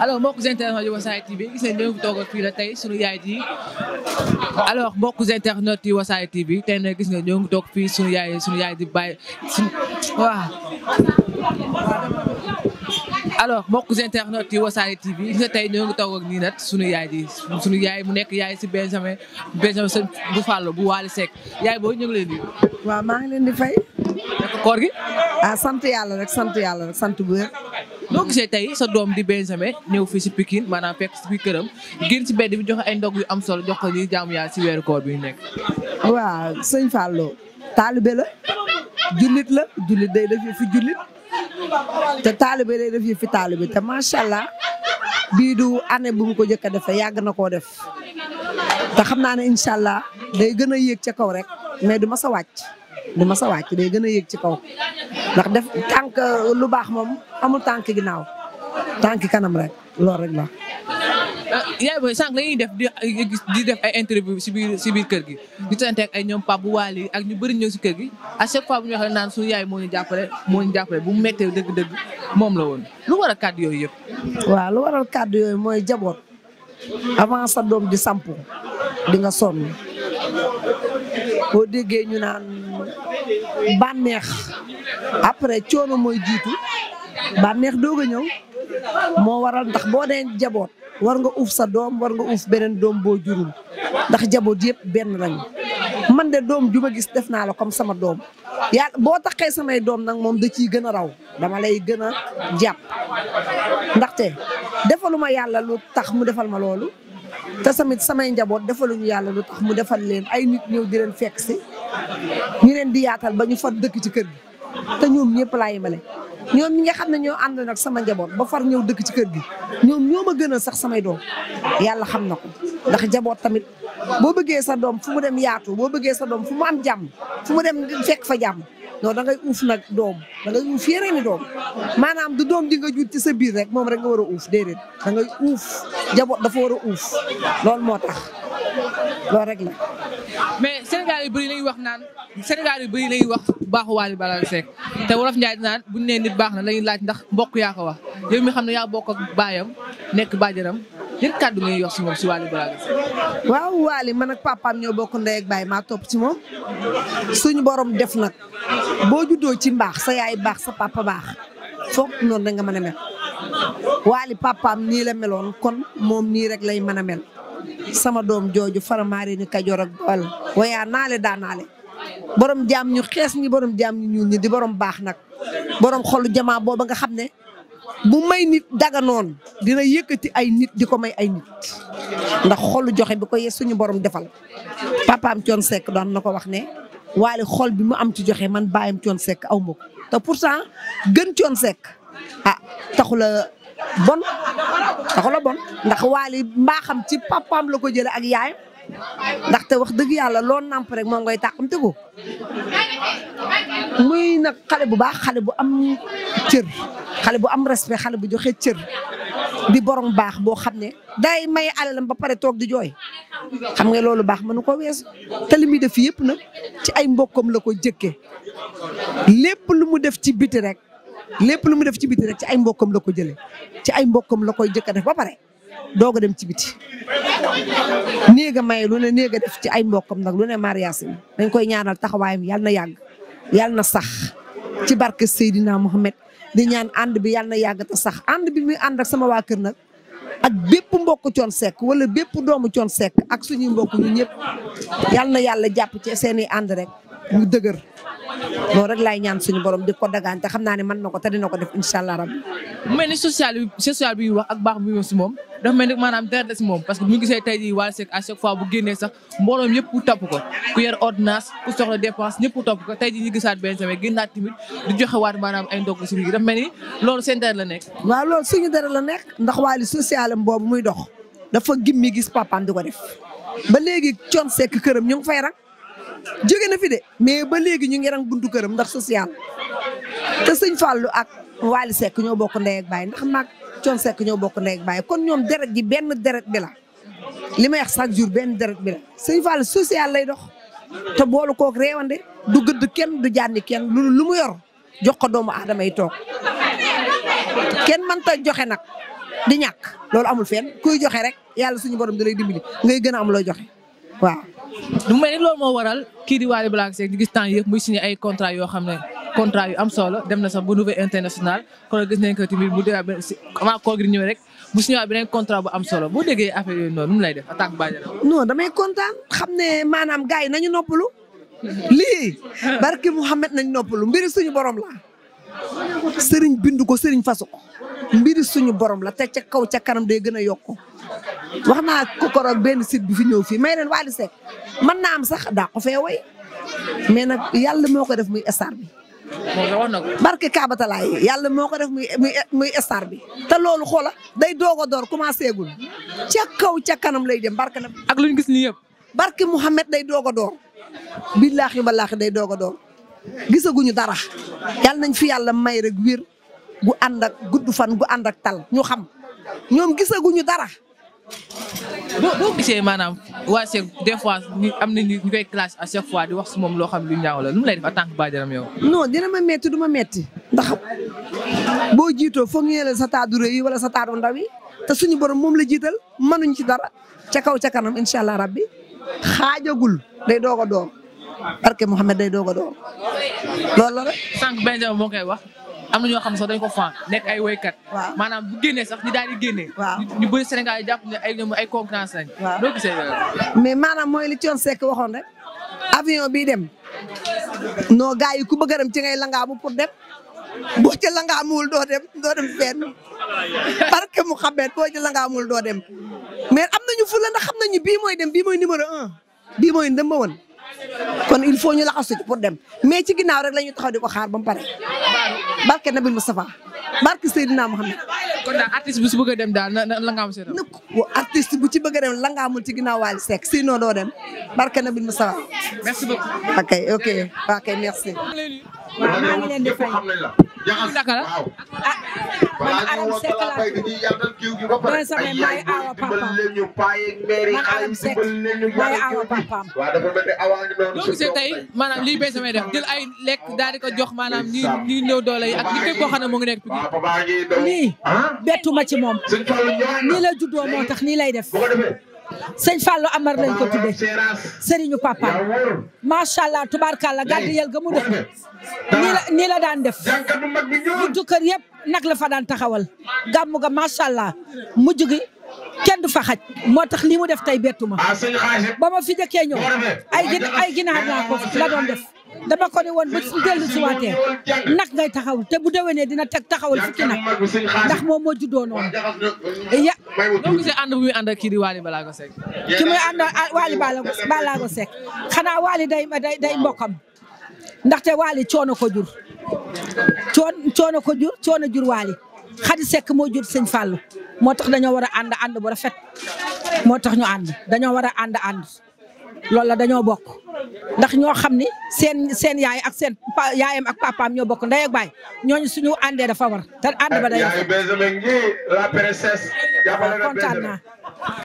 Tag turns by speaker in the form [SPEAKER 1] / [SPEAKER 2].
[SPEAKER 1] alors mbokku internet yi Wassare TV gis nañ ñoo ngi toogal fii la tey sunu yaay ji alors mbokku internet yi Wassare TV tey gis na ñoo ngi toog fii sunu yaay sunu yaay di bàyyi sunu waaw. alors mbokku internet yi Wassare gis nga tey ñoo ngi toog ak nii nag sunu yaay ji sunu yaay mu nekk yaay si Benjamin Benjamin sa bu Fallou bu Waly Seck yaay boobu ñu ngi leen maa leen di fay. koor gi. ah sant yàlla rek sant yàlla rek sant bu wér. boo gisee tey sa doom di Benjamin ñëw fii si Pikine maanaam fekk si biir këram ngir ci mbedd bi joxe ay ndog yu am solo jox ko ni jaamu yaa si weeru koor bi nekk.
[SPEAKER 2] waaw sëñ Fallou taalibe la jullit la jullit day def fi jullit te taalibe day def fi taalibe te macha allah bii du année bu mu ko njëkk a defee yàgg na koo def te xam naa ne incha allah day gën a yéeg ca kaw rek mais du ma sa wàcc. du ma sa wàcc day gën a yëg ci kaw ndax def tànk lu baax moom amul tànk ginnaaw tànk kanam rek loolu rek la.
[SPEAKER 1] Ah, yaay booy sànq dañuy def di def ay interview si biir si biir kër gi. di tante ak ay ñoom Pape Waly ak ñu bëri ñëw si kër gi à chaque fois bu ñu waxee naan suñu yaay moo jàppale moo jàppale bu mu méttee dëgg-dëgg moom la woon lu waral kàddu yooyu yëpp.
[SPEAKER 2] waaw lu waral kàddu yooyu mooy jaboot avant sa doom di sampu di nga sonn boo déggee ñu naan bànneex après coono mooy jiitu bànneex doog a ñëw moo waral ndax boo dee jaboot war nga uuf sa doom war nga uuf beneen doom boo jurul ndax jaboot yëpp benn lañu man de doom ju ma gis def naa la comme sama doom ya boo taxee samay doom nag moom da ciy gën a raw dama lay gën a jàpp ndaxte defaluma yàlla lu tax mu defal ma loolu te tamit samay njaboot defaluñu yàlla lu tax mu defal leen ay nit ñëw di leen fekk si ñu leen di yaatal ba ñu far dëkk ci kër gi te ñoom ñëpp laa yemale ñoom ñi nga xam ne ñoo ànd nag sama njaboot ba far ñëw dëkk ci kër gi ñoom ñoo ma gënal sax samay doom yàlla xam na ko ndax jaboot tamit boo bëggee sa doom fu mu dem yaatu boo bëggee sa doom fu mu am jàmm fu mu dem fekk fa jàmm non da ngay uuf nag doom da ngay uuf yeneen i doom maanaam du doom ji nga jur ci sa biir rek moom rek nga war a uuf déedéet da ngay uuf jaboot dafa war a uuf loolu moo tax
[SPEAKER 3] loolu rek la.
[SPEAKER 1] mais Sénégal yu bari la ñuy wax naan Sénégal yu bëri la wax baaxu Wally Ballago fek te wolof Njaay naan buñu nee nit baax na la laaj ndax mbokk yaa ko wax yow mi xam ne yaa bokk ak baayam nekk baajaram yan kàddu ngay yox si moom si Wally Ballago Seck. waaw Wally man
[SPEAKER 2] ak papaam ñoo bokk ndey ak baay maa topp ci moom suñu borom def nag boo juddoo ci mbaax sa yaay baax sa papa baax foog noonu da nga mën a mel. Wally papaam nii la meloon kon moom nii rek lay mën a mel sama doom jooju faramaare ni Kajoor ak Bawol waaye naale daa naale borom jaam ñu xees ñi borom jaam ñu ñu ñi di borom baax nag borom xolu jamaa booba nga xam ne. bu may nit daganoon dina yëkkati ay nit di ko may ay nit ndax xolu joxe bu ko yee suñu borom defal papaam Thione Seck doon na ko wax ne waale xol bi mu am ci joxe man bàyyam Thione Seck aw ma ko te pourtant gën Thione sekk ah taxula bon taxula bon ndax waale mbaaxam ci papaam la ko jëlee ak yaayam ndaxte wax dëgg yàlla loo namp rek moo ngay tàqamte ko muy nag xale bu baax xale bu am cër xale bu am respect xale bu joxe cër di borom baax boo xam ne day may alalam ba pare toog di jooy xam nga loolu baax mënu ko weesu te li muy def yëpp nag ci ay mbokkam la ko jëkkee lépp lu mu def ci biti rek lépp lu mu def ci biti rek ci ay mbokkam la ko jëlee ci ay mbokkam la koy jëkk def ba pare doog a dem ci biti néega may lu ne néega def ci ay mbokkam nag lu ne mariage dañ koy ñaanal taxawaayam yàlla na yàgg yàlla na sax ci barke Seydina Mohamed di ñaan ànd bi yàlla na yàgg sax ànd bi muy ànd ak sama waa kër nag ak bépp mbokk Thione Seck wala bépp doomu Thione Seck ak suñuy mbokk ñu ñëpp yàlla na yàlla jàpp ci seeni ànd rek mu dëgër loolu rek laay ñaan suñu borom di ko dagaan te xam naa ne man na ko te dina ko def incha allah rabbi.
[SPEAKER 1] mu mel ni social bi wax ak baax bi wax si moom dafa mel ni maanaam moom parce que ñu gisee tey jii Wally Seck à chaque fois bu génnee sax mbooloom jii ñu gisaat benn semaine génnaat tamit di loolu seen dara la nekk. waaw loolu suñu dara la nekk
[SPEAKER 2] ndax Wally social am boobu muy dox dafa gimmi gis papaam ko def ba léegi coon sekk këram ñu fay rak jóge na fi de mais ba léegi ñu ngi rang buntu ndax social te sëñ Fallou ak Waly Seck ñoo bokk ndey ak baay ndax maag Thione Seck ñoo bokk ndey ak baay kon ñoom deret ji benn deret bi la li may wax chaque jour benn deret bi la sëñ Fallou social lay dox te boolu kook réewande du gëdd kenn du jànni kenn loolu lu mu yor jox ko doomu aadama yi toog kenn mënta joxe nag di ñàkk loolu amul fenn kuy joxe rek yàlla suñu borom da lay dimbali ngay gën a am looy
[SPEAKER 1] du mel ni loolu moo waral kii di Wally Ballago Seck ñu gis temps yëpp muy signé ay contrat yoo xam ne contrat yu am solo dem na sax ba nouvel international kon gis nañ ko tamit bu déwénee benn si avant koor rek bu signé beneen contrat bu am solo boo déggee affaire yooyu noonu nu mu lay def attaque Badiane. non damay kontaan
[SPEAKER 2] xam ne maanaam gars yi nañu noppalu. lii barki Mouhamed nañu noppalu mbiri suñu borom la sëriñ bindu ko sëriñ fasu ko mbiri suñu borom la te ca kaw ca kanam day gën a yokku wax naa ko koroog benn sit bi fi ñëw fii may leen Wally Seck mën naa am sax daa ko fee way mais na yàlla moo ko def muy star bi.
[SPEAKER 1] wax na ko barke
[SPEAKER 2] Kaabatalaay yàlla moo ko def muy muy muy star bi te loolu xoola day doog a door commencé gul ca kaw ca kanam lay dem barke na. ak lu ñu gis nii yëpp. barke Mouhamed day doog a door. billaahi wallaahi day doog a door gisaguñu dara yàlla nañ fi yàlla may rek wir gu ànd ak gudd fan gu ànd ak tal ñu xam ñoom gisaguñu dara.
[SPEAKER 1] boo boo maanaam waa Seck des fois ñu am na ñu koy classe à chaque fois di wax si moom loo xam lu ñaaw la lu mu lay def en tant que baajaram yow.
[SPEAKER 2] non dina ma metti du ma metti ndax boo jiitoo foog ñu la sa taadu réew yi wala sa taadu ndaw yi te suñu borom moom la jiital mënuñ ci dara ca kaw ca kanam incha allah rabbi xaajagul day doom a door barke Mouhamed day doog a door
[SPEAKER 1] loolu la rek. sànq Benjamin moo koy wax. am na ñoo xam ne sax dañ ko fànn nekk ay woykat maanaam bu génnee sax ñu daal di génnee ñu bëri Sénégal yi jàpp ne ay ñoom ay concurrence lañ loo gisee
[SPEAKER 2] mais maanaam mooy li Thione Seck waxoon rek avion bii dem non gars yi ku bëgg a dem ci ngay langaamu pour dem boo ci langaamuwul doo dem doo dem fenn parce que mu xamee boo ci langaamuwul doo dem mais am nañu fula ndax xam nañu bii mooy dem bii mooy numéro bii mooy ndëmba woon kon il faut ñu laxasu ci pour dem mais ci ginnaaw rek la ñu taxaw di ko xaar ba mu pare barke Nabil Moustapha barke Seydina Mohamed. kon daal artiste bu ci a dem daal na la nga am seen artiste bu ci bëgg a dem la nga amul ci ginnaaw Wally Seck noo doo dem barke Nabil Moustapha. merci beaucoup ok ok ok merci.
[SPEAKER 1] waaw maa ngi leen jaxas waaw. Ah,
[SPEAKER 3] balaa ñuy wax balaa béy dañuy yaatal jiw gi ba pare ay yaay booy dimbali
[SPEAKER 1] leen ñu paa yeeg maire a waaw maanaam lii bay samay def jël ay lekk daal di jox maanaam ñi ñi néew doole yi ak li képp koo xam ne mu nekk. waaw papa ngi daw lii bettuma ci moom.
[SPEAKER 3] Ah? nii la juddoo moo tax nii lay def. sëñ Fallou Amar lañ ko tudde sëriñu papa macha allah tubaarkàlla gàddu yel ga mu def nii la daan def buntu kër yëpp nag la fa daan taxawal gàmmu ga macha allah mujj gi kenn du fa xaj moo tax lii mu def tey bettu ma ah, ba ma fi jëkkee ñëw ay gin ay ginaar la doon def. dama ko ne woon ba dellu si waatee nag ngay taxawul te bu déwénee dina teg taxawal fukki nag ndax moom moo juddoo noonu
[SPEAKER 1] ya noo gisee ànd bu muy ànd ak kii di Waly Balago Seck ki muy
[SPEAKER 3] ànd ah, Waly Balago Seck xanaa Waly day day day mbokkam ndaxte Waly coono ko jur coon coono ko jur coono jur Waly Xadi sekk moo jur sëñ Fallou moo tax dañoo war a ànd ànd bu rafet moo tax ñu ànd dañoo war a ànd ànd la dañoo bokk ndax ñoo xam ni seen seen yaay ak seen yaayam ak papaam ñoo bokk ndey ak baay ñooñu suñu àndee dafa war te ànd ba day. yaay la princesse. kontaan naa.